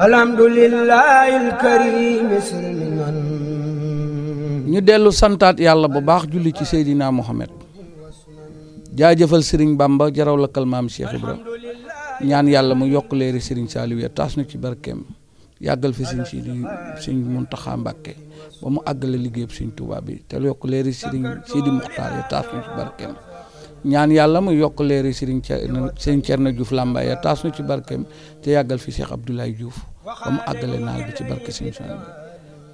alhamdulillahil karim ñu dellu santaat yàlla bu baax julli ci seydinaa Mohamed jaajëfal Serigne Bamba jaraw lakkal maam Cheikh Ibra ñaan yàlla mu yokk leeri Serigne Saliou ya taas na ci barkeem yàggal fi Serigne Sidi Serigne Mountakha Mbacké ba mu àggale liggéeyub Serigne tubaab bi te yokk leeri Serigne Sidi Muxtaar ya taas na ci barkeem. ñaan yàlla mu yokk leer Serigne Thierno Serigne Thierno Diouf Lambaye ya taas ci barkeem te yàggal fi Cheikh Abdoulaye Diouf ba mu àggale naal bi ci barke Serigne Saliou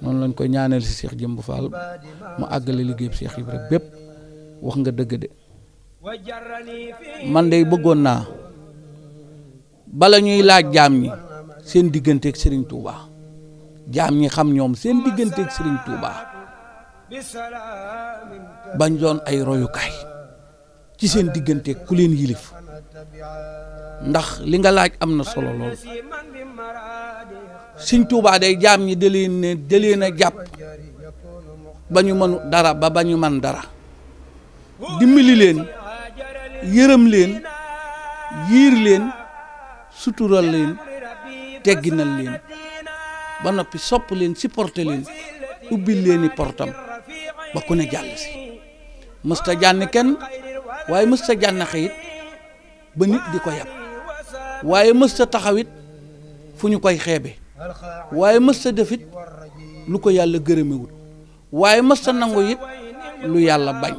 noonu lañ koy ñaanal si seex Jëmb Fall mu àggale liggéeyub Cheikh Ibra bépp wax nga dëgg de man de bëggoon naa bala ñuy laaj jaam ñi seen digganteeg sëriñ Touba jaam ñi xam ñoom seen digganteeg Serigne Touba bañ doon ay royukaay. ci seen diggante ku leen yilif ndax li nga laaj am na solo lool Sëñ Tuubaa day jaam ñi da leen ne da a jàpp ba ñu mënu dara ba ba ñu man dara dimmili leen yërëm leen yiir leen sutural leen tegginal leen ba noppi sopp leen supporter leen ubbil leen i portam ba ku ne jàll si mësta jànni kenn waaye mës sa jànnaxe it ba nit di ko yab waaye mës sa taxawit fu ñu koy xeebe waaye mës sa defit lu ko yàlla gërëmewul waaye mës sa nangu it lu yàlla bañ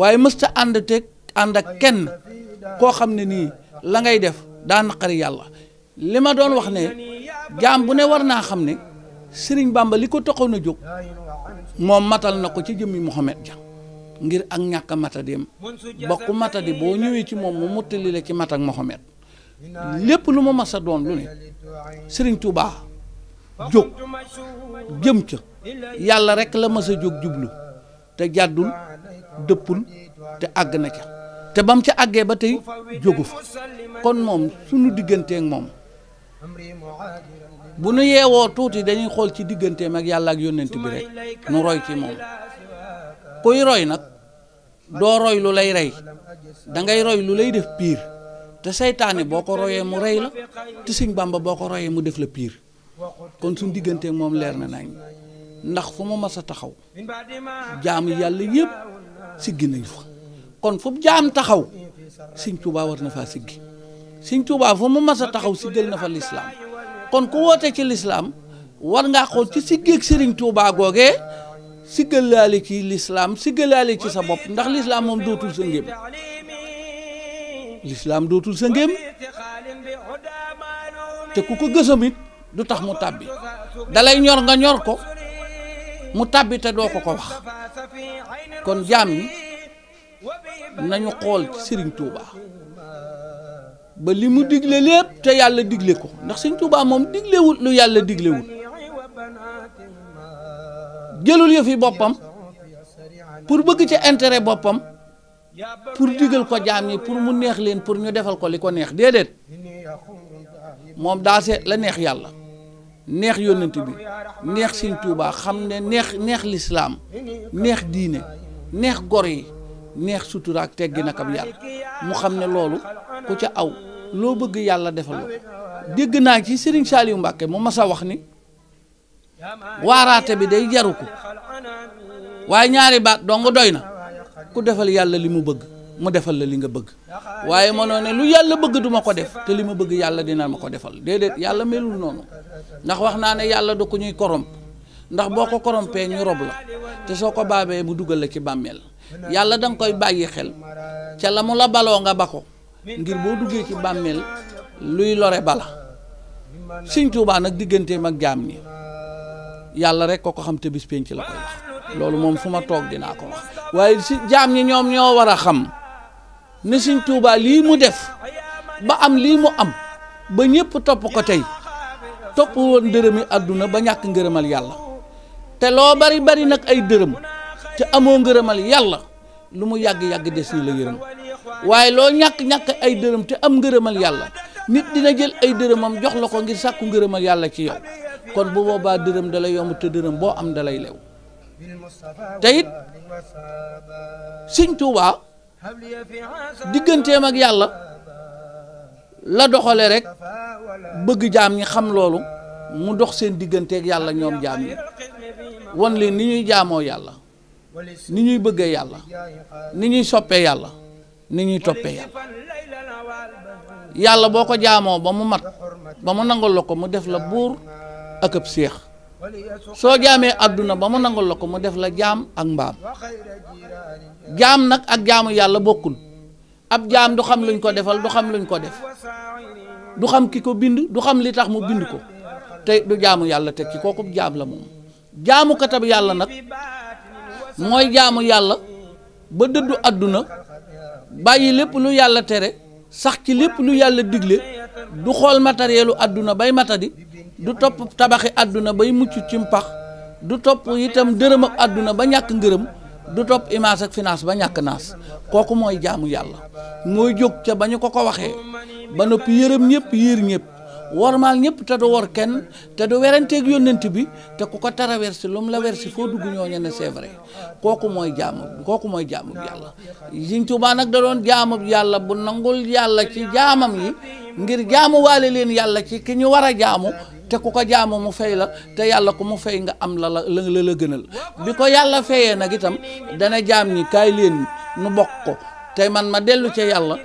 waaye mës ta ànd te ànd ak kenn koo xam ne nii la ngay def daa naqari yàlla li ma doon wax ne jaam bu ne war naa xam ne Sëriñ Bàmba li ko toxoon a jóg moom matal na ko ci jëmmi Mohamed ja ngir ak ñàkk a matadim ba ku matadi boo ñëwee ci moom mu mottali ci matak ak lépp lu ma mas a doon lu ne Serigne Touba jóg jëm ca yàlla rek la mas a jóg jublu te jàddul dëppul te àgg na ca te bam ca àggee ba tey jógu fa kon moom sunu digganteek moom bu nu yeewoo tuuti dañuy xool ci digganteem ak yàlla ak yónnent bi rek nu roy ci moom kuy roy nag doo roy lu lay rey da ngay roy lu lay def piir te seytaane boo ko royee mu rey la te sëñ Bàmba boo ko royee mu def la piir kon suñ diggante moom leer na nañ ndax fu mu mas a taxaw jaamu yàlla yëpp siggi nañ fa kon fu jaam taxaw sëñ Tuubaa war na faa siggi sëñ Tuubaa fu mu mas a taxaw siggal na fa lislaam kon ku woote ci lislaam war ngaa xool ci siggeeg sëriñ Tuubaa googee sigalaale ci lislaam sigalaale ci sa bopp ndax lislaam moom dootul sa ngéem lislaam dootul sa ngéem te ku ko gësam it du tax mu tàbbi dalay ñor nga ñor ko mu tàbbi te doo ko ko wax kon jaam ñi nañu xool ci sëriñ Touba ba li mu digle lépp te yàlla digle ko ndax sëriñ Touba moom diglewut lu yàlla diglewut jëlul yëf yi boppam pour bëgg ci intérêt boppam pour digal ko jaam yi pour mu neex leen pour ñu defal ko li ko neex déedéet moom daa se la neex yàlla neex yónnent bi neex Sëñ Tuubaa xam ne neex neex lislaam neex diine neex gor yi neex sutura ak teggi nakam yàlla mu xam ne loolu ku ca aw loo bëgg yàlla defal la dégg naa ci Serigne Saliou Mbacke mu ma a wax ni waaraate bi day jaru ko waaye ñaari baat dong doy na ku defal yàlla li mu bëgg mu defal la li nga bëgg waaye mënoo ne lu yàlla bëgg duma ko def te li ma bëgg yàlla dina ma ko defal déedéet yàlla melul noonu ndax wax naa ne yàlla du ko ñuy koromp ndax boo ko korompee ñu rob la te soo ko baabee mu dugal la ci bàmmeel yàlla danga koy bàyyi xel ca la mu la baloo nga ba ko ngir boo duggee ci bàmmeel luy lore bala Sëñ Tuubaa nag digganteem ak jaam ñi yàlla rek ko ko xam te bis penc la koy wax loolu moom su ma toog dinaa ko waaye si jaam ñi ñoom ñoo war a xam ne Sëñ Tuubaa lii mu def ba am lii mu am ba ñëpp topp ko tey topp woon dërëmi àdduna ba ñàkk ngërëmal yàlla te loo bari bari nag ay dërëm te amoo ngërëmal yàlla lu mu yàgg-yàgg des na la yërëm waaye loo ñàkk-ñàkk ay dërëm te am ngërëmal yàlla nit dina jël ay dërëmam jox la ko ngir sàkku ngërëmal yàlla ci yow kon bu boobaa dërëm dalay yomb te dërëm boo am dalay lew te it Sëñ digganteem ak yàlla la doxale rek bëgg jaam ñi xam loolu mu dox seen digganteeg yàlla ñoom jaam ñi wan leen ni ñuy jaamoo yàlla ni ñuy bëggee yàlla ni ñuy soppee yàlla ni ñuy toppee yàlla yàlla boo ko jaamoo ba mu mat ba mu nangul la ko mu def la buur ak ab seex soo jaamee àdduna ba mu nangul la ko mu def la jaam ak mbaam jaam nag ak jaamu yàlla bokkul ab jaam du xam luñ ko defal du xam luñ def du xam ki ko bind du xam li tax mu bind ko te du jaamu yàlla teg ci kooku jaam la moom jaamu katab yàlla nag mooy jaamu yàlla ba dëddu àdduna bàyyi lépp lu yàlla tere sax ci lépp lu yàlla digle du xool matérielu àdduna bay matadi du topp tabaxi àdduna bay mucc ci mpax du topp itam dërëm ak àdduna ba ñàkk ngërëm du topp image ak finance ba ñàkk naas kooku mooy jaamu yàlla mooy jóg ca ba ñu ko ko waxee ba noppi yërëm ñëpp yiir ñëpp wormaal ñëpp te du wor kenn te du weranteeg yónnent bi te ku ko traversé lu mu la versé foo dugg ñoo ñe ne kooku mooy jaamu kooku mooy jaamu yàlla Sëriñ Tuubaa nag da doon jaamu yàlla bu nangul yàlla ci jaamam yi ngir jaamuwaale leen yàlla ci ki ñu war a jaamu te ku ko jaamu mu fay la te yàlla ku mu fay nga am la la la gënal bi ko yàlla fayee nag itam dana jaam ni kaay leen nu bokk ko tey man ma dellu ca yàlla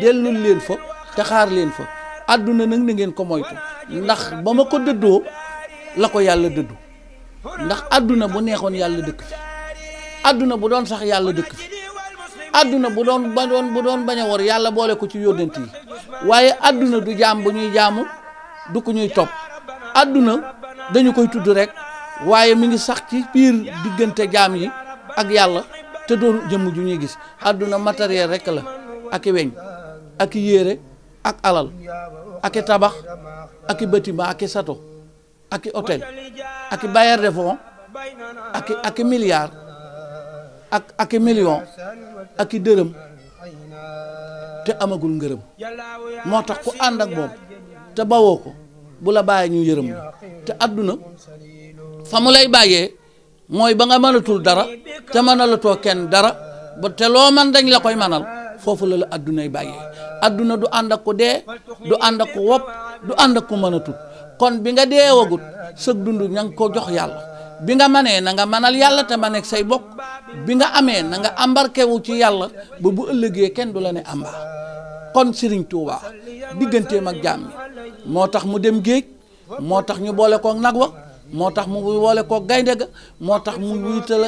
dellul leen fa te xaar leen fa àdduna nag na ngeen ko moytu ndax ba ma ko dëddoo la ko yàlla dëddu ndax àdduna bu neexoon yàlla dëkk fi àdduna bu doon sax yàlla dëkk fi àdduna bu doon ba bu doon bañ a war yàlla boole ko ci yónnent yi waaye àdduna du jaam bu ñuy jaamu du ko ñuy topp àdduna dañu koy tudd rek waaye mi ngi sax ci biir diggante jaam yi ak yàlla te doon jëmm ju ñuy gis àdduna matériel rek la aki weñ aki yére ak alal ak tabax aki i bâtiment ak sato ak i hôtel ak i bailleur de fonds ak i ak i milliard million ak dërëm te amagul ngërëm moo tax ku ànd ak moom te bawoo ko bu la bàyyi ñu yërëm la te àdduna fa mu lay bàyyee mooy ba nga mënatul dara te mënalatoo kenn dara ba te loo man dañ la koy manal foofu la la àddunay bàyyee àdduna du ànd ak ko dee du ànd ak ku wopp du ànd ak ku mënatul kon bi nga deewagut sëg dund ña ngi ko jox yàlla bi nga manee na nga mënal yàlla te ma nekk say bokk bi nga amee na nga embarqué wu ci yàlla ba bu ëllëgee kenn du la ne amba kon Serigne Touba digganteem ak jaam mi moo tax mu dem géej moo tax ñu boole ko nag wa moo tax mu woole koo gaynde ga moo tax mu wutal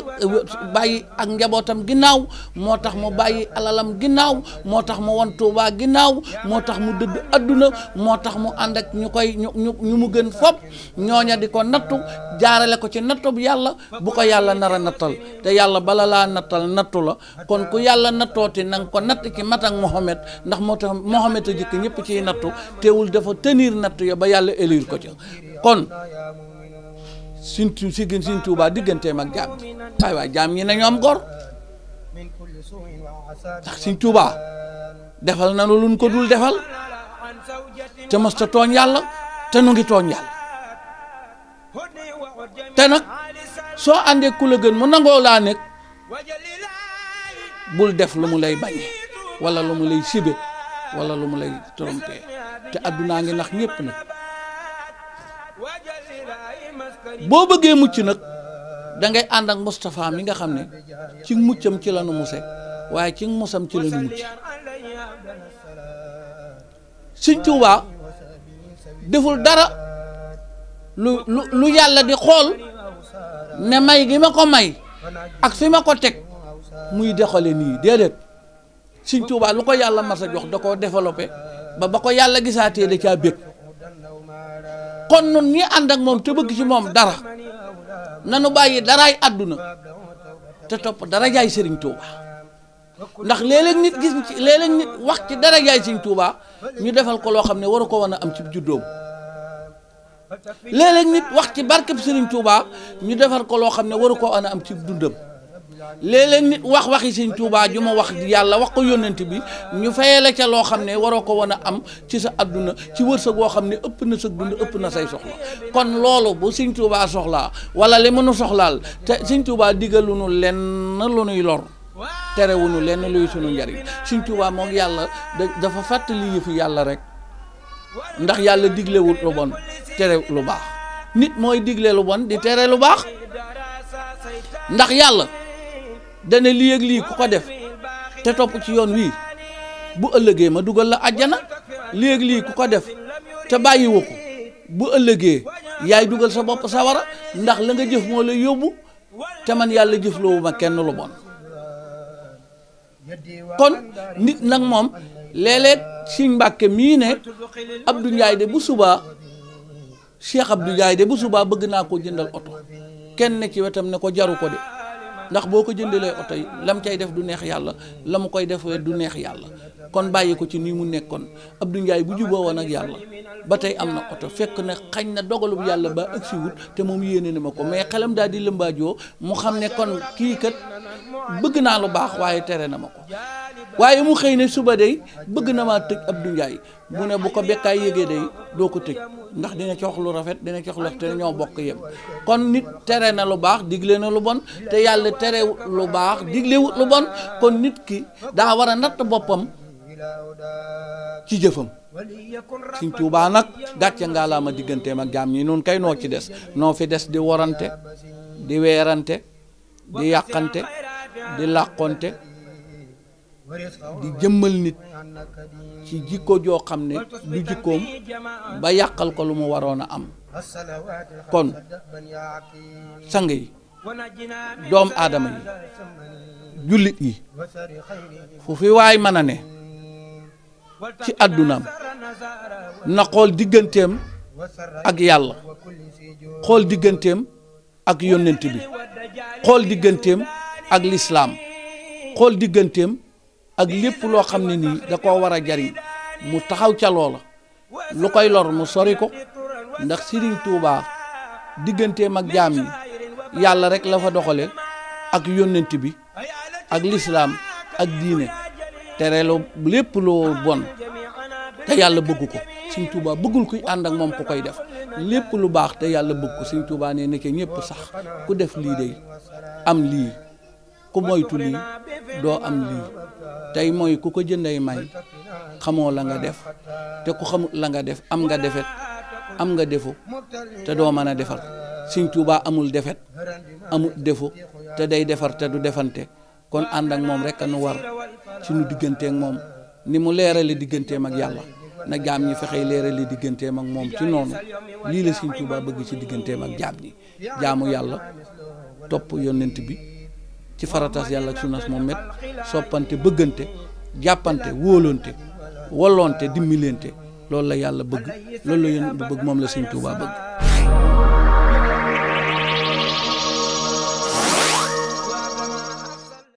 bàyyi ak njabootam ginnaaw moo tax mu bàyyi alalam ginnaaw moo tax mu won Tuubaa ginnaaw moo tax mu dëdd adduna moo tax mu ànd ak ñu koy ñu ñu mu gën fopp ñooña di ko nattu jaarale ko ci nattu bu yàlla bu ko yàlla nara a nattal te yàlla bala laa nattal nattu la kon ku yàlla nattooti na nga ko natt ci matak Mohamed ndax moo tax Mohamed a jëkk ñëpp ciy nattu teewul dafa tenir nattu ya ba yàlla élire ko ci sin tu si gën sin tuubaa digganteem ak jaam ñi waay waay jaam ñi nañu am gor ndax sin tuubaa defal nanu luñ ko dul defal te mos ta tooñ yàlla te nu ngi tooñ yàlla te nag soo àndee ku la gën mu nangoo laa nekk bul def lu mu lay bañe wala lu mu lay sibe wala lu mu lay trompé te addunaa ngi nax ñépp nag boo bëggee mucc nag da ngay ànd ak Moustapha mi nga xam ne ci muccam ci la nu muse waaye ci mosam ci la nu mucc Sëñ Tuubaa deful dara lu lu lu yàlla di xool ne may gi ma ko may ak fi ma ko teg muy doxale nii déedéet Sëñ Tuubaa lu ko yàlla mas a jox da koo développé ba ba ko yàlla gisaatee da caa bëgg kon noonu ñi ànd ak moom te bëgg ci moom dara nanu bàyyi daraay àdduna te topp dara jaay sëriñ Touba ndax léeg-léeg nit gis wax ci dara jaay sëriñ Touba ñu defal ko loo xam ne waru ko woon a am ci juddoom léeg-léeg nit wax ci barkeb sëriñ Touba ñu defal ko loo xam ne waru ko woon a am ci dundam léeg-léeg nit wax waxi sëñ Tuubaa ju ma wax yàlla wax ko yónnent bi ñu fayee la ca loo xam ne waroo ko wan a am ci sa adduna ci wërsëg woo xam ne ëpp na sa dund ëpp na say soxla kon loolu bu sëñ Tuubaa soxlaa wala li mënu soxlaal te sëñ Tuubaa lu nu lenn lu nuy lor terewuñu lenn luy sunu njariñ sëñ Tuubaa moom yàlla dafa fàttali yëfi yàlla rek ndax yàlla diglewul lu bon tere lu baax nit mooy digle lu bon di tere lu baax ndax yàlla dana li yéeg lii ku ko def te topp ci yoon wii bu ëllëgee ma dugal la àjjana lii ak lii ku ko def te bàyyi wu ko bu ëllëgee yaay dugal sa bopp sawara ndax la nga jëf moo la yóbbu te man yàlla jëfloowu ma kenn lu bon kon nit nag moom léeg-léeg Sëñ Mbàkke mii ne Abdou Ndiaye de bu subaa Cheikh Abdou Ndiaye de bu subaa bëgg naa ko jëndal oto kenn ne ci wetam ne ko jaru ko de ndax boo ko jëndalee oto yi mu cay def du neex yàlla la mu koy defee du neex yàlla kon bàyyi ko ci nii mu nekkoon Abdou Ndiaye bu juboo woon ak yàlla ba tey am na oto fekk na xañ na dogalub yàlla ba agsi wut te moom yéene na ma ko mais xelam daal di lëmbaajoo mu xam ne kon kii kat bëgg naa lu baax waaye tere na ma ko waaye mu xëy ne suba day bëgg na maa tëj ab Ndiaye mu ne bu ko bekkaay yëgee day doo ko tëj ndax dina ci wax lu rafet dina ci wax lu rafet ñoo bokk yem kon nit tere na lu baax digle na lu bon te yàlla terewut lu baax diglewut lu bon kon nit ki daa war a natt boppam ci jëfam Sëñ Tuubaa nag gàcce ngaa laa ma digganteem ak jaam ñi noonu kay noo ci des noo fi des di worante di weerante di yàqante di làqonte di jëmmal nit ci jikko joo xam ne du jikkoom ba yàqal ko lu mu waroon a am kon sang yi doom aadama yi jullit yi fu fi waay mën a ne ci àddunaam na xool digganteem ak yàlla xool digganteem ak yónnent bi xool digganteem ak lislaam xool digganteem ak lépp loo xam ne nii da koo war a jariñ mu taxaw ca loola lu koy lor mu sori ko ndax Sëriñ Tuubaa digganteem ak jaam yi yàlla rek la fa doxale ak yónnent bi ak lislaam ak diine tere lu lépp lu bon te yàlla bëgg ko Sëriñ Tuubaa bëggul kuy ànd ak moom ku koy def lépp lu baax te yàlla bëgg ko si Tuubaa ne nekkee ñëpp sax ku def lii de am lii ku moytu lii doo am lii tey mooy ku ko jënday may xamoo la nga def te ku xamut la nga def am nga defet am nga defu te doo mën a defar Sëñ tuuba amul defet amul defu te day defar te du defante kon ànd ak moom rek a nu war suñu digganteek moom ni mu leerale digganteem ak yàlla na jaam ñi fexey leerale digganteem ak moom ci noonu lii la Sëñ Tuubaa bëgg ci digganteem ak jaam ñi jaamu yàlla topp yonent bi ci faratas yàlla ak moom Muhammad soppante bëggante jàppante wóolonte wolonte dimmilente loolu la yàlla bëgg loolu la yéen bu bëgg moom la Sëñ Tuubaa bëgg